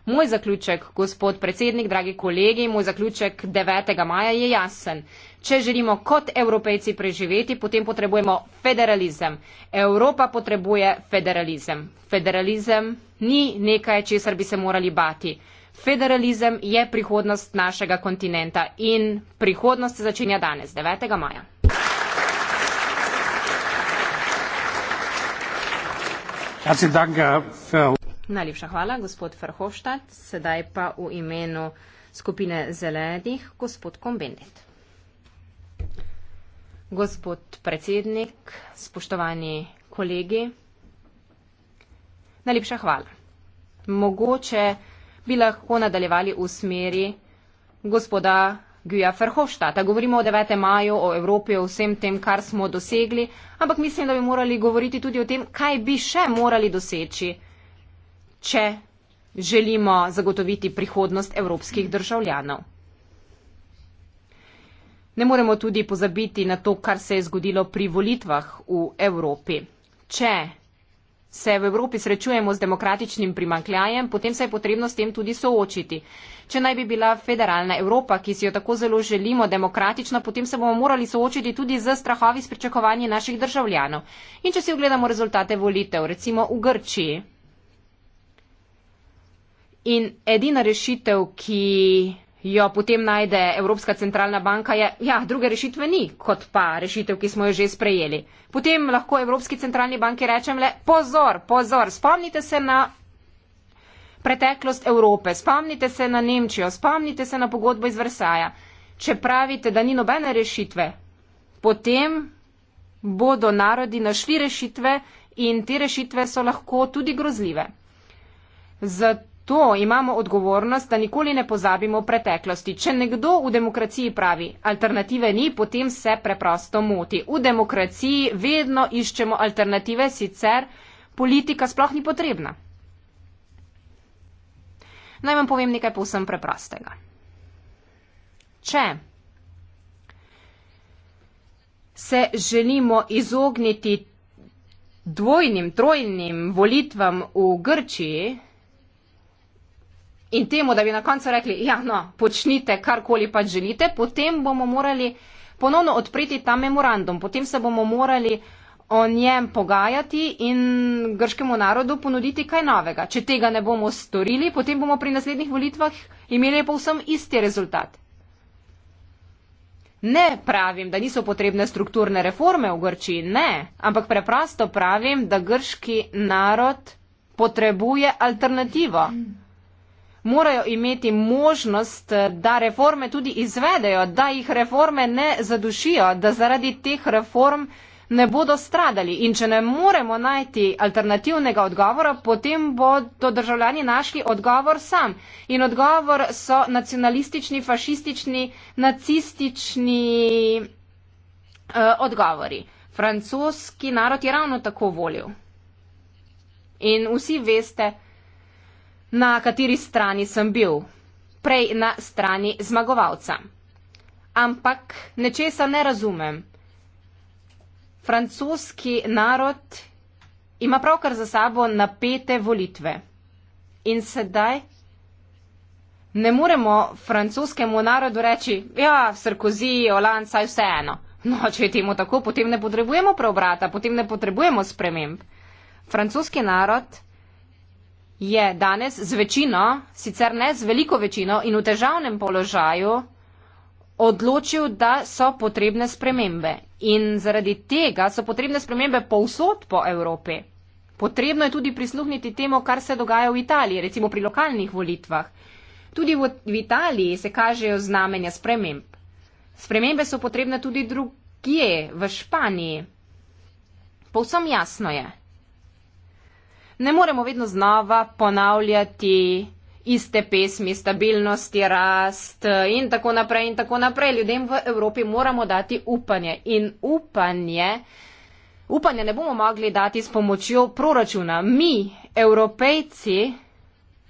Moj zaključek, gospod predsednik, dragi kolegi, moj zaključek 9. maja je jasen. Če želimo kot evropejci preživeti, potem potrebujemo federalizem. Evropa potrebuje federalizem. Federalizem ni nekaj, česar bi se morali bati. Federalizem je prihodnost našega kontinenta in prihodnost se začenja danes, 9. maja. Najlepša hvala, gospod Ferhoštad. Sedaj pa v imenu skupine zelenih, gospod Kombendit. Gospod predsednik, spoštovani kolegi, najlepša hvala. Mogoče bi lahko nadaljevali v smeri gospoda Guja Ferhoštata. Govorimo o 9. maju, o Evropi, o vsem tem, kar smo dosegli, ampak mislim, da bi morali govoriti tudi o tem, kaj bi še morali doseči če želimo zagotoviti prihodnost evropskih državljanov. Ne moremo tudi pozabiti na to, kar se je zgodilo pri volitvah v Evropi. Če se v Evropi srečujemo z demokratičnim primankljajem, potem se je potrebno s tem tudi soočiti. Če naj bi bila federalna Evropa, ki si jo tako zelo želimo, demokratična, potem se bomo morali soočiti tudi z strahovi s pričakovanji naših državljanov. In če si ogledamo rezultate volitev, recimo v Grčiji, In edina rešitev, ki jo potem najde Evropska centralna banka, je, ja, druge rešitve ni, kot pa rešitev, ki smo jo že sprejeli. Potem lahko Evropski centralni banki rečem le, pozor, pozor, spomnite se na preteklost Evrope, spomnite se na Nemčijo, spomnite se na pogodbo iz Vrsaja. Če pravite, da ni nobene rešitve, potem bodo narodi našli rešitve in te rešitve so lahko tudi grozljive. Zato to imamo odgovornost, da nikoli ne pozabimo preteklosti. Če nekdo v demokraciji pravi, alternative ni, potem se preprosto moti. V demokraciji vedno iščemo alternative, sicer politika sploh ni potrebna. Naj vam povem nekaj povsem preprostega. Če se želimo izogniti dvojnim, trojnim volitvam v Grčiji, in temu, da bi na koncu rekli, ja, no, počnite karkoli pač želite, potem bomo morali ponovno odpreti ta memorandum, potem se bomo morali o njem pogajati in grškemu narodu ponuditi kaj novega. Če tega ne bomo storili, potem bomo pri naslednjih volitvah imeli povsem isti rezultat. Ne pravim, da niso potrebne strukturne reforme v Grčiji, ne, ampak preprosto pravim, da grški narod potrebuje alternativo. Mm morajo imeti možnost, da reforme tudi izvedejo, da jih reforme ne zadušijo, da zaradi teh reform ne bodo stradali. In če ne moremo najti alternativnega odgovora, potem bodo državljani našli odgovor sam. In odgovor so nacionalistični, fašistični, nacistični eh, odgovori. Francoski narod je ravno tako volil. In vsi veste, na kateri strani sem bil, prej na strani zmagovalca. Ampak nečesa ne razumem. Francoski narod ima pravkar za sabo napete volitve. In sedaj ne moremo francoskemu narodu reči, ja, Sarkozy, Oland, saj vseeno. No, če je temu tako, potem ne potrebujemo preobrata, potem ne potrebujemo sprememb. Francoski narod je danes z večino, sicer ne z veliko večino in v težavnem položaju, odločil, da so potrebne spremembe. In zaradi tega so potrebne spremembe povsod po Evropi. Potrebno je tudi prisluhniti temu, kar se dogaja v Italiji, recimo pri lokalnih volitvah. Tudi v, v Italiji se kažejo znamenja sprememb. Spremembe so potrebne tudi drugje, v Španiji. Povsem jasno je ne moremo vedno znova ponavljati iste pesmi, stabilnosti, rast in tako naprej in tako naprej. Ljudem v Evropi moramo dati upanje in upanje, upanje ne bomo mogli dati s pomočjo proračuna. Mi, evropejci,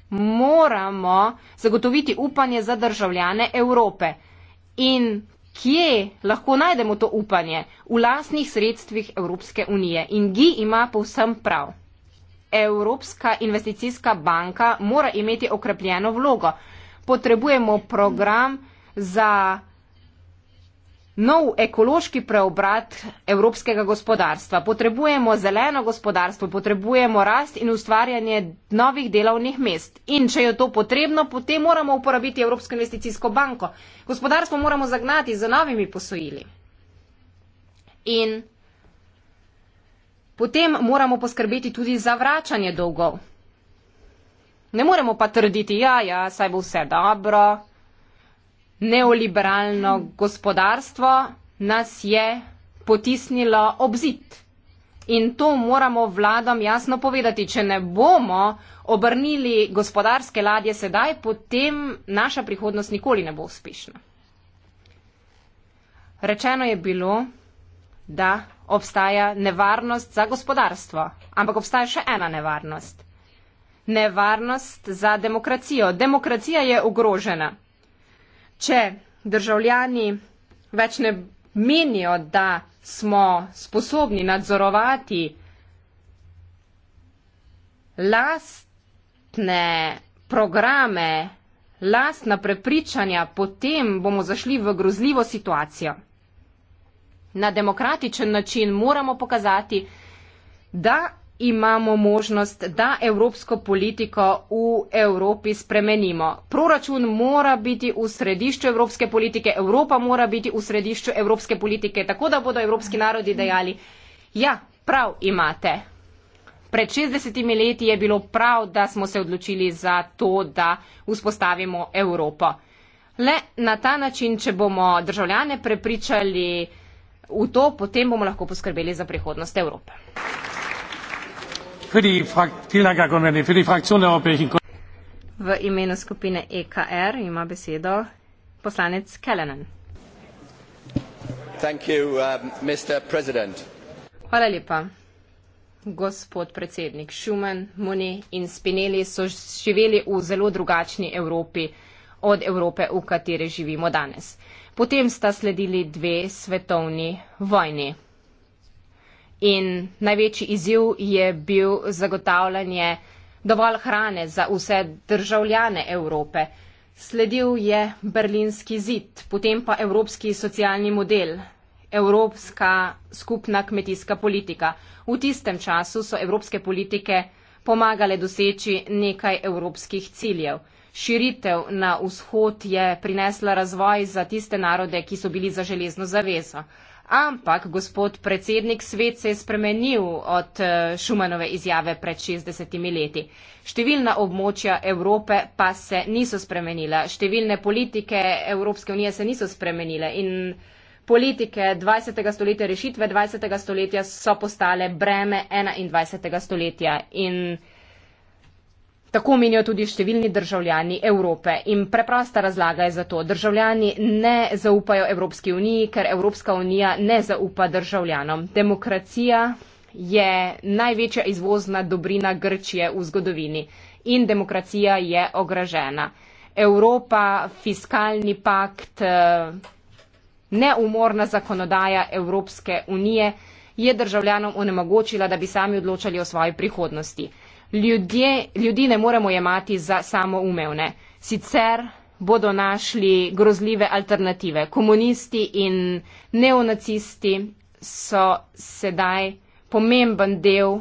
moramo zagotoviti upanje za državljane Evrope. In kje lahko najdemo to upanje? V lastnih sredstvih Evropske unije. In GI ima povsem prav. Evropska investicijska banka mora imeti okrepljeno vlogo. Potrebujemo program za nov ekološki preobrat evropskega gospodarstva. Potrebujemo zeleno gospodarstvo, potrebujemo rast in ustvarjanje novih delovnih mest. In če je to potrebno, potem moramo uporabiti Evropsko investicijsko banko. Gospodarstvo moramo zagnati z novimi posojili. In Potem moramo poskrbeti tudi za vračanje dolgov. Ne moremo pa trditi, ja, ja, saj bo vse dobro. Neoliberalno gospodarstvo nas je potisnilo ob zid. In to moramo vladom jasno povedati. Če ne bomo obrnili gospodarske ladje sedaj, potem naša prihodnost nikoli ne bo uspešna. Rečeno je bilo, da obstaja nevarnost za gospodarstvo. Ampak obstaja še ena nevarnost. Nevarnost za demokracijo. Demokracija je ogrožena. Če državljani več ne menijo, da smo sposobni nadzorovati lastne programe, lastna prepričanja, potem bomo zašli v grozljivo situacijo na demokratičen način moramo pokazati, da imamo možnost, da evropsko politiko v Evropi spremenimo. Proračun mora biti v središču evropske politike, Evropa mora biti v središču evropske politike, tako da bodo evropski narodi dejali, ja, prav imate. Pred 60 leti je bilo prav, da smo se odločili za to, da vzpostavimo Evropo. Le na ta način, če bomo državljane prepričali, v to potem bomo lahko poskrbeli za prihodnost Evrope. V imenu skupine EKR ima besedo poslanec Kellenen. Uh, Hvala lepa. Gospod predsednik Schumann, Moni in Spinelli so živeli v zelo drugačni Evropi od Evrope, v kateri živimo danes. Potem sta sledili dve svetovni vojni. In največji izziv je bil zagotavljanje dovolj hrane za vse državljane Evrope. Sledil je berlinski zid, potem pa evropski socialni model, evropska skupna kmetijska politika. V tistem času so evropske politike pomagale doseči nekaj evropskih ciljev širitev na vzhod je prinesla razvoj za tiste narode, ki so bili za železno zavezo. Ampak, gospod predsednik, svet se je spremenil od eh, Šumanove izjave pred 60 leti. Številna območja Evrope pa se niso spremenila, številne politike Evropske unije se niso spremenile in politike 20. stoletja, rešitve 20. stoletja so postale breme 21. stoletja. Tako menijo tudi številni državljani Evrope in preprosta razlaga je za to. Državljani ne zaupajo Evropski uniji, ker Evropska unija ne zaupa državljanom. Demokracija je največja izvozna dobrina Grčije v zgodovini in demokracija je ogrožena. Evropa, fiskalni pakt, eh, neumorna zakonodaja Evropske unije je državljanom onemogočila, da bi sami odločali o svoji prihodnosti ljudje, ljudi ne moremo jemati za samoumevne. Sicer bodo našli grozljive alternative. Komunisti in neonacisti so sedaj pomemben del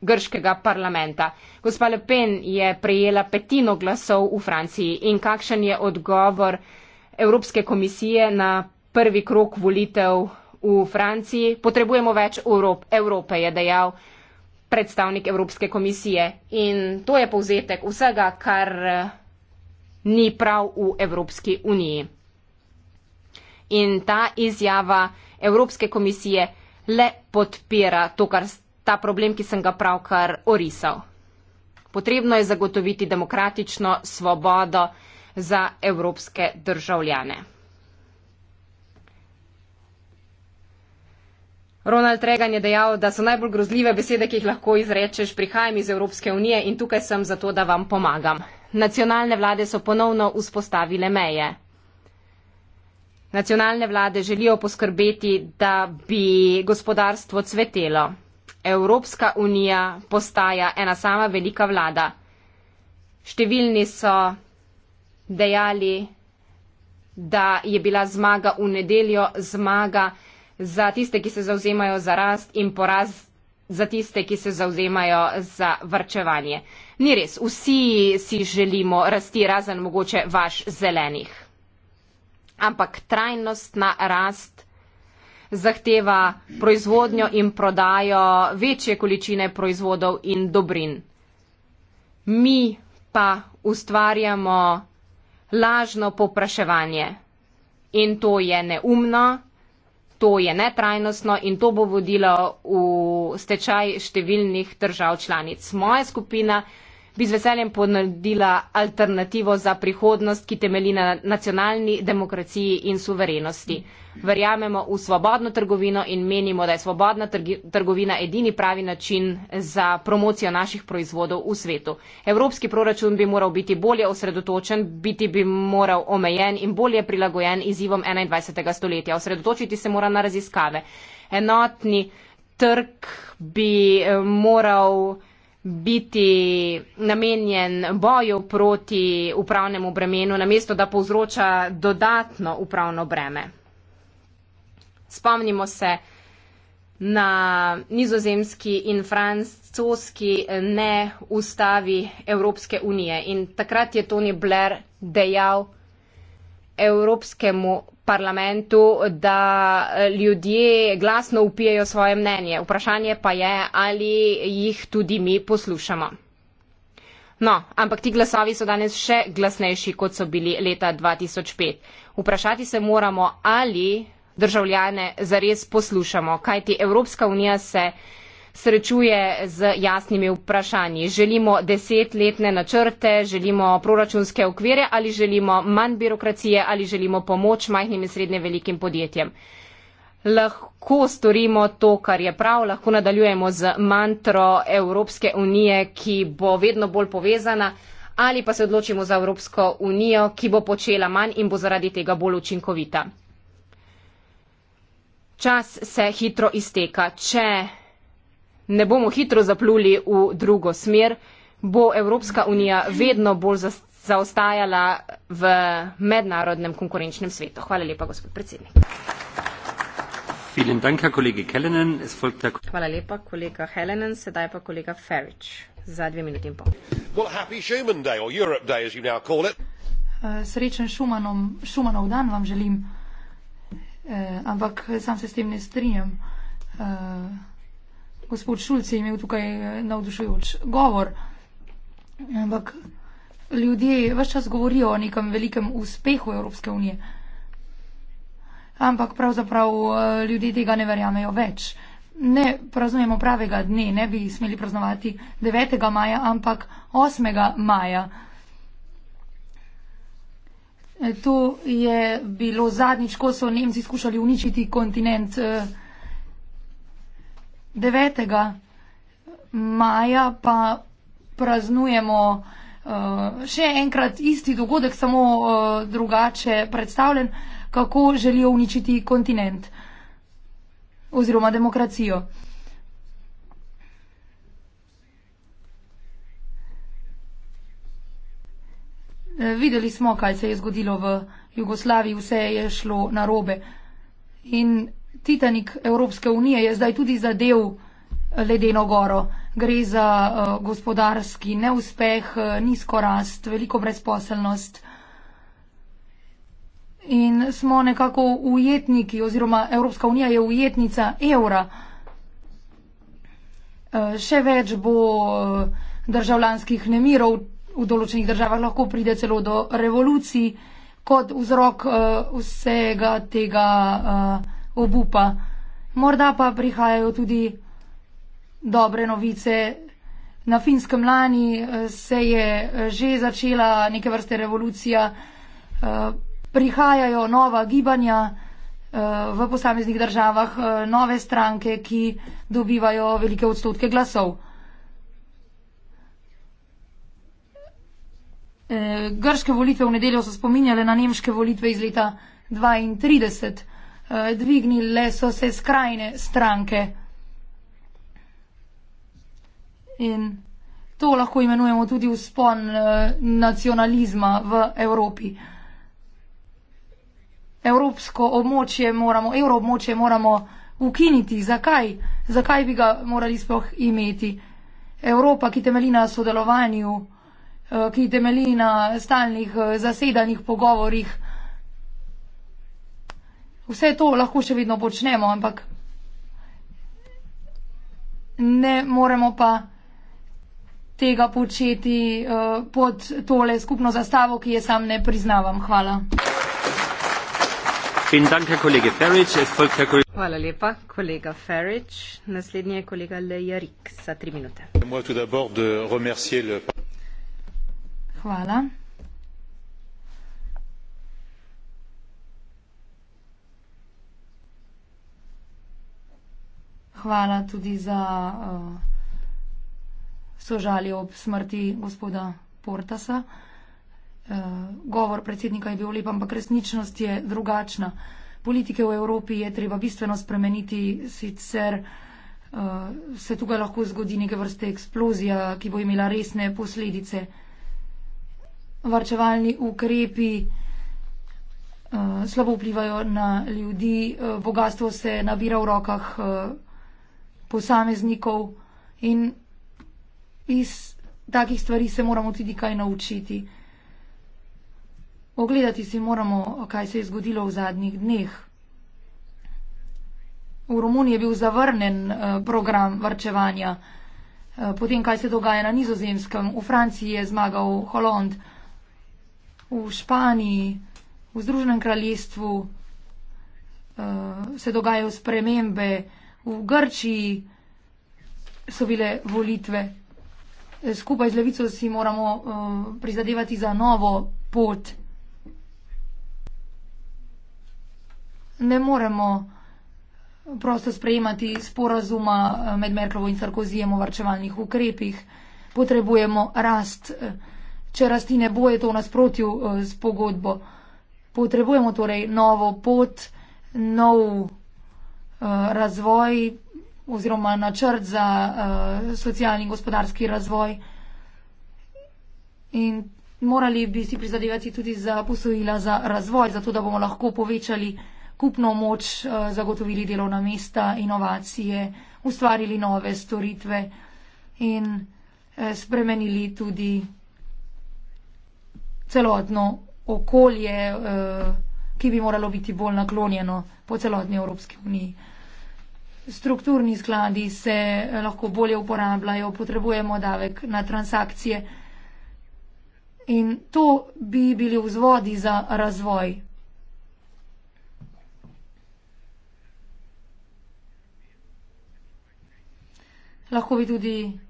grškega parlamenta. Gospa Le Pen je prejela petino glasov v Franciji in kakšen je odgovor Evropske komisije na prvi krok volitev v Franciji. Potrebujemo več Evrope, je dejal predstavnik Evropske komisije. In to je povzetek vsega, kar eh, ni prav v Evropski uniji. In ta izjava Evropske komisije le podpira to, kar, ta problem, ki sem ga pravkar orisal. Potrebno je zagotoviti demokratično svobodo za evropske državljane. Ronald Reagan je dejal, da so najbolj grozljive besede, ki jih lahko izrečeš, prihajam iz Evropske unije in tukaj sem zato, da vam pomagam. Nacionalne vlade so ponovno vzpostavile meje. Nacionalne vlade želijo poskrbeti, da bi gospodarstvo cvetelo. Evropska unija postaja ena sama velika vlada. Številni so dejali, da je bila zmaga v nedeljo zmaga za tiste, ki se zauzemajo za rast in poraz za tiste, ki se zauzemajo za vrčevanje. Ni res, vsi si želimo rasti, razen mogoče vaš zelenih. Ampak trajnostna rast zahteva proizvodnjo in prodajo večje količine proizvodov in dobrin. Mi pa ustvarjamo lažno popraševanje in to je neumno. To je netrajnostno in to bo vodilo v stečaj številnih držav članic. Moja skupina bi z veseljem ponudila alternativo za prihodnost, ki temeli na nacionalni demokraciji in suverenosti. Verjamemo v svobodno trgovino in menimo, da je svobodna trgovina edini pravi način za promocijo naših proizvodov v svetu. Evropski proračun bi moral biti bolje osredotočen, biti bi moral omejen in bolje prilagojen izzivom 21. stoletja. Osredotočiti se mora na raziskave. Enotni trg bi eh, moral biti namenjen boju proti upravnemu bremenu, namesto da povzroča dodatno upravno breme. Spomnimo se na nizozemski in francoski ne ustavi Evropske unije. In takrat je Tony Blair dejal Evropskemu parlamentu, da eh, ljudje glasno upijajo svoje mnenje. Vprašanje pa je, ali jih tudi mi poslušamo. No, ampak ti glasovi so danes še glasnejši, kot so bili leta 2005. Vprašati se moramo, ali državljane zares poslušamo, kajti Evropska unija se srečuje z jasnimi vprašanji. Želimo desetletne načrte, želimo proračunske okvire ali želimo manj birokracije ali želimo pomoč majhnim in srednje velikim podjetjem. Lahko storimo to, kar je prav, lahko nadaljujemo z mantro Evropske unije, ki bo vedno bolj povezana, ali pa se odločimo za Evropsko unijo, ki bo počela manj in bo zaradi tega bolj učinkovita. Čas se hitro izteka. Če ne bomo hitro zapluli v drugo smer, bo Evropska unija vedno bolj zaostajala v mednarodnem konkurenčnem svetu. Hvala lepa, gospod predsednik. Hvala lepa, kolega Helenen. Sedaj pa kolega Ferič za dve minuti in pol. Well, happy Schuman Day or Europe Day, as you now call it. Eh, srečen Šumanom, Šumanov dan vam želim, eh, ampak eh, sam se s tem ne strinjam. Eh, gospod Šulc je imel tukaj eh, navdušujoč govor. Ampak ljudje vse čas govorijo o nekem velikem uspehu Evropske unije. Ampak pravzaprav eh, ljudje tega ne verjamejo več. Ne praznujemo pravega dne, ne bi smeli praznovati 9. maja, ampak 8. maja. Eh, to je bilo zadnjič, ko so Nemci skušali uničiti kontinent. Eh, 9. maja pa praznujemo uh, še enkrat isti dogodek, samo uh, drugače predstavljen, kako želijo uničiti kontinent oziroma demokracijo. Eh, videli smo, kaj se je zgodilo v Jugoslaviji, vse je šlo narobe. In Titanik Evropske unije je zdaj tudi zadev ledeno goro. Gre za uh, gospodarski neuspeh, uh, nizko rast, veliko brezposelnost. In smo nekako ujetniki oziroma Evropska unija je ujetnica evra. Eh, še več bo državljanskih nemirov v določenih državah, lahko pride celo do revolucij kot vzrok vsega tega obupa. Morda pa prihajajo tudi dobre novice. Na finskem lani eh, se je eh, že začela neke vrste revolucija. Eh, prihajajo nova gibanja v posameznih državah, nove stranke, ki dobivajo velike odstotke glasov. Grške volitve v nedeljo so spominjale na nemške volitve iz leta 1932. Eh, dvignile so se skrajne stranke. In to lahko imenujemo tudi vzpon eh, nacionalizma v Evropi. Evropsko območje moramo, evroobmočje moramo ukiniti. Zakaj? Zakaj bi ga morali sploh imeti? Evropa, ki temelji na sodelovanju, eh, ki temelji na stalnih zasedanih pogovorih, vse to lahko še vedno počnemo, ampak ne moremo pa tega početi uh, pod tole skupno zastavo, ki je sam ne priznavam. Hvala. Hvala lepa, kolega Ferrič. Naslednji je kolega Lejarik za tri minute. Hvala. hvala tudi za uh, sožalje ob smrti gospoda Portasa. Uh, govor predsednika je bil lep, ampak resničnost je drugačna. Politike v Evropi je treba bistveno spremeniti, sicer uh, se tukaj lahko zgodi neke vrste eksplozija, ki bo imela resne posledice. Varčevalni ukrepi uh, slabo vplivajo na ljudi, uh, bogatstvo se nabira v rokah uh, posameznikov in iz takih stvari se moramo tudi kaj naučiti. Ogledati si moramo, kaj se je zgodilo v zadnjih dneh. V Romuniji je bil zavrnen eh, program varčevanja. Eh, potem, kaj se dogaja na nizozemskem, v Franciji je zmagal Holland, v Španiji, v Združenem kraljestvu eh, se dogajajo spremembe, v Grčiji so bile volitve. Skupaj z levico si moramo uh, prizadevati za novo pot. Ne moremo eh, prosto sprejemati sporazuma eh, med Merklovo in Sarkozijem o varčevalnih ukrepih. Potrebujemo rast. Če rasti ne bo, je to v nasprotju s pogodbo. Potrebujemo torej novo pot, nov Eh, razvoj oziroma načrt za uh, socialni in gospodarski razvoj. In morali bi si prizadevati tudi za posojila za razvoj, zato da bomo lahko povečali kupno moč, uh, zagotovili delovna mesta, inovacije, ustvarili nove storitve in eh, spremenili tudi celotno okolje, eh, ki bi moralo biti bolj naklonjeno po celotni Evropski uniji strukturni skladi se eh, lahko bolje uporabljajo, potrebujemo davek na transakcije. In to bi bili vzvodi za razvoj. Lahko bi tudi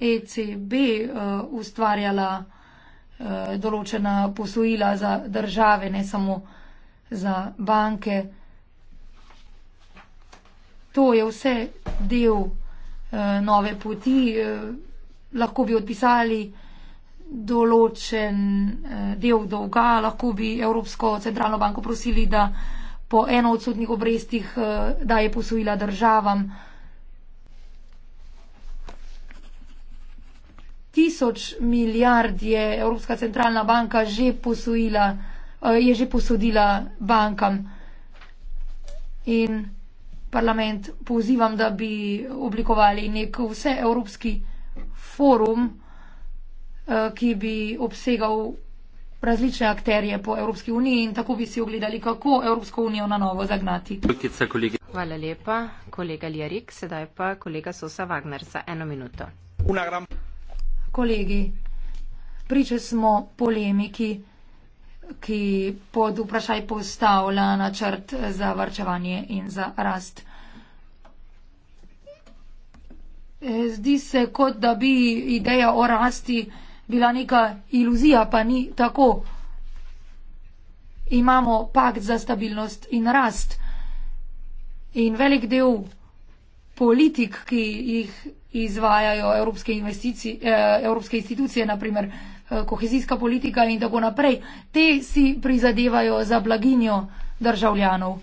ECB uh, eh, ustvarjala uh, določena posojila za države, ne samo za banke to je vse del uh, nove poti, uh, lahko bi odpisali določen uh, del dolga, lahko bi Evropsko centralno banko prosili, da po eno odsotnih obrestih uh, daje posojila državam. Tisoč milijard je Evropska centralna banka že posojila, uh, je že posodila bankam. In parlament pozivam, da bi oblikovali nek vseevropski forum, eh, ki bi obsegal različne akterje po Evropski uniji in tako bi si ogledali, kako Evropsko unijo na novo zagnati. Hvala lepa, kolega Ljarik, sedaj pa kolega Sosa Wagner za eno minuto. Kolegi, priče smo polemiki ki pod vprašaj postavlja načrt za varčevanje in za rast. Zdi se, kot da bi ideja o rasti bila neka iluzija, pa ni tako. Imamo pakt za stabilnost in rast. In velik del politik, ki jih izvajajo evropske, eh, evropske institucije, naprimer, Eh, kohezijska politika in tako naprej. Te si prizadevajo za blaginjo državljanov.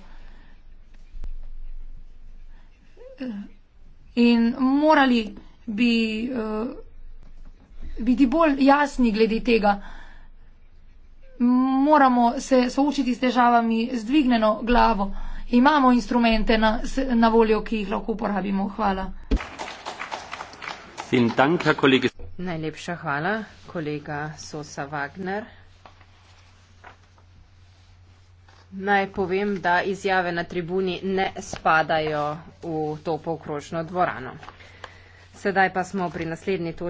Eh, in morali bi eh, biti bolj jasni glede tega. Moramo se soočiti s težavami z dvigneno glavo. Imamo instrumente na, na voljo, ki jih lahko uporabimo. Hvala. Vielen Dank, Herr Kollege. Najlepša hvala, kolega Sosa Wagner. Naj povem, da izjave na tribuni ne spadajo v to polkrožno dvorano. Sedaj pa smo pri naslednji točki.